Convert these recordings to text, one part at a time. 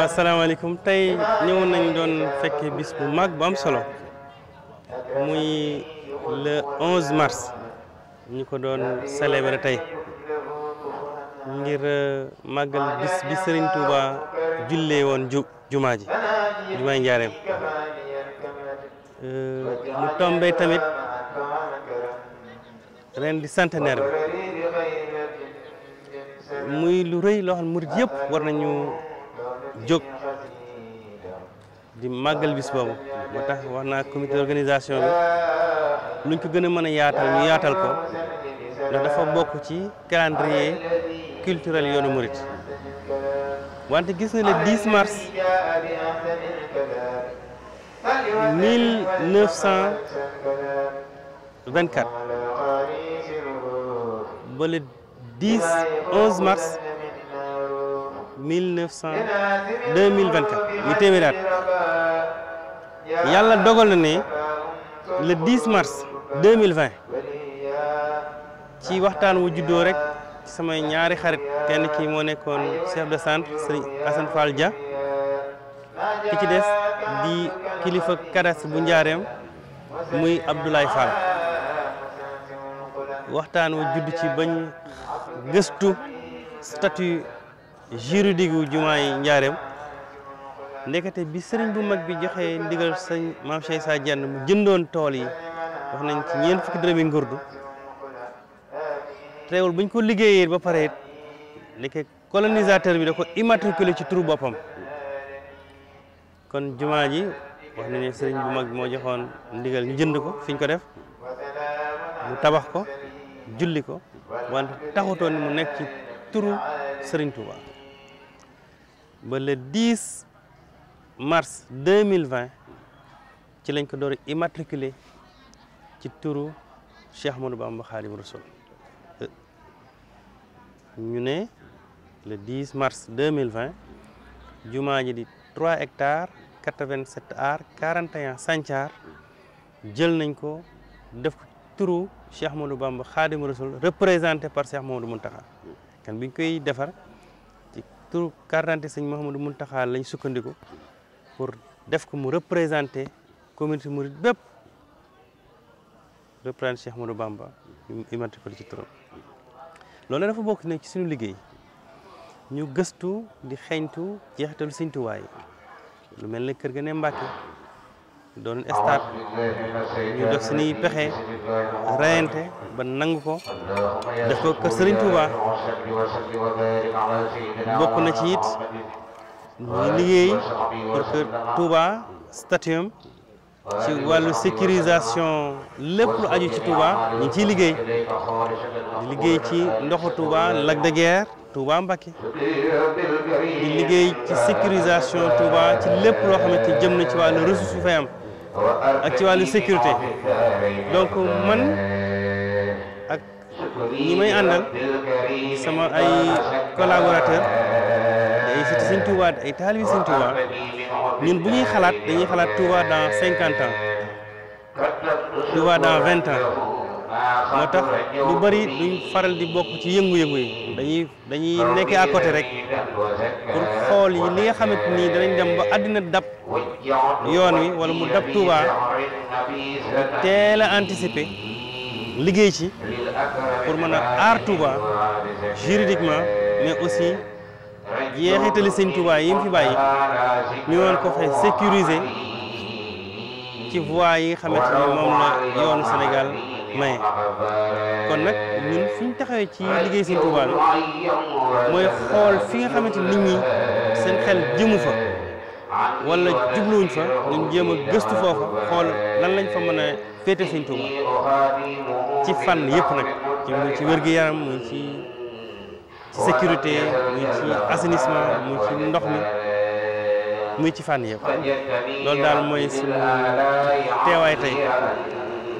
waaw asalaamaaleykum tey ñëwoon nañ doon fekke bis bu mag bu am solo muy le 11 mars ñu ko doon célébrer tey ngir euh, màggal bis bi Serigne Touba jullee woon jumaa ji jumaay njaareem euh, mu tombe tamit ren di centenaire bi muy lu rëy loo xam murid war nañu. jóg di màggal bis boobu moo tax wax naa comité d'organisation bi luñ ko gën a mën a yaatal ñu yaatal ko ndax dafa bokk ci calendrier culturel yoonu murit wante gis na le 10 mars 1924 ba le mars mille neuf cent deux mille vingt quatre yàlla dogal na ne le 10 mars 2020 ci waxtaan wu juddoo rek ci samay ñaari xarit kenn ki moo nekkoon chef de centre sëriñ Assane Fall Dia ki ci des di kilifa cadastre bu njaareem muy Abdoulaye Fall waxtaan wu judd ci bañ gëstu statut juridique wu yi njaareem ndekete bi sëriñ bu mag bi joxee ndigal sëñ maam Cheikh Issa mu jëndoon tool yi wax nañ ci ñeent fukki dërëmi ngurdu teewul buñ ko liggéeyee ba pare it ndeke colonisateur bi da ko immatriculé ci turu boppam kon jumaa ji wax nañ ne sëriñ bu mag moo joxoon ndigal ñu jënd ko fiñ ko def mu tabax ko julli ko want taxutoon mu nekk ci turu sëriñ Touba le 10 mars 2020 ci lañ ko le immatriculé ci Cheikh Ahmadou Bamba Khadim Rasoul euh, ñu le 10 mars 2020 nous di 3 hectares 87 ar 41 santiar jël nañ ko def Cheikh Ahmadou Bamba Khadim représenté par Cheikh Ahmadou Mountakha kan biñ tur carte d'identité sëñ Mouhamadou Mountakha lañ sukkandiku pour def ko mu représenté communauté mouride bépp représenté Cheikh Ahmadou Bamba immatriculé ci turam loolu dafa bokk ne ci suñu liggéey ñu gëstu di xeentu jeexitalu sëñ Tuubaa yi lu mel ne kër ga ne Mbàkke doon stade ñu def suñuy pexe reyante ba nangu ko def kër Sëriñ Tuuba bokk na ci it ñu liggéey pour que ci wàllu sécurisation lépp lu aju ci Touba ñu ciy liggéey ci ndoxu Touba Lac de Guiers Touba Mbacké di liggéey ci sécurisation Touba ci lépp loo xamante jëm na ci wàllu ressource su ak ci wàllu sécurité donc man ak ñi may àndal sama ay collaborateur ay fiti Sëñ Touba taalibi Sëñ Touba ñun bu ñuy xalaat dañuy xalaat Touba dans cinquante ans Touba dans vingt ans moo tax lu bari duñ faral di bokk ci yëngu-yëngu yi dañuy dañuy nekkee côté rek pour xool yi li nga xamante ni danañ dem ba àddina dab yoon wi wala mu dab Touba teel a anticiper liggéey ci pour mën a aar Touba juridiquement mais aussi jeexitali sëñ Touba yi mu fi bàyyi ñu woon ko fay sécuriser ci voies yi nga xamante ni moom la yoonu Sénégal. maye kon nag ñun fi ñu taxawee ci liggéey seen Tuubaa mooy xool fi nga xamante nit ñi seen xel jëmu fa wala jubluwuñ fa ñu jéem a gëstu foofa xool lan lañ fa mën a féete seen Tuubaa ci fànn yëpp nag ci muy ci wér-gi-yaram muy ci sécurité muy ci assainissement muy ci ndox mi muy ci fànn yëpp loolu daal mooy suñu teewaay tey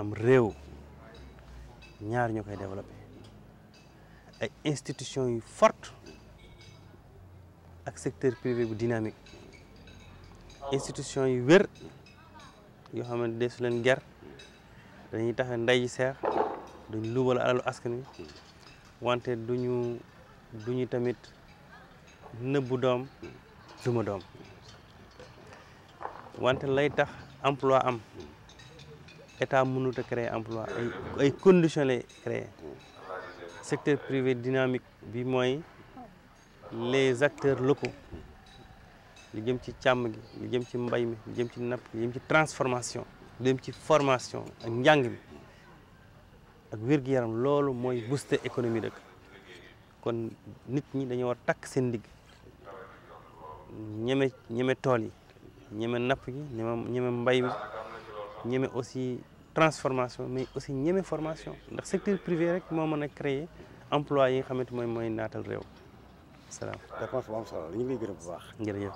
am rew ñaar ñu développer ay institution yu forte ak secteur privé bu dynamique institution yu wër yo xamante dess su leen ger dañuy taxé nday yi seex duñ luubal alalu askan wi duñu duñu tamit neub doom duma doom wanté lay tax emploi am état mënut créer emploi ay ay conditions lay créer secteur privé dynamique bi moy les acteurs locaux li jëm ci cham gi li jëm ci mbay mi li jëm ci nap li jëm ci transformation li jëm ci formation ak njàng mi ak wér-gu-yaram loolu mooy booster économie dëkk kon nit ñi dañoo war takk seen ndigg ñeme ñeme tool yi ñeme napp gi ñeme ñeme mbay mi ñeme aussi transformation mais aussi ñeme formation ndax secteur privé rek moo mën a créer emploi yi nga xamante mooy mooy naatal réew salaam. réponse bu am solo ñu ngi lay gërëm bu baax. jërëjëf.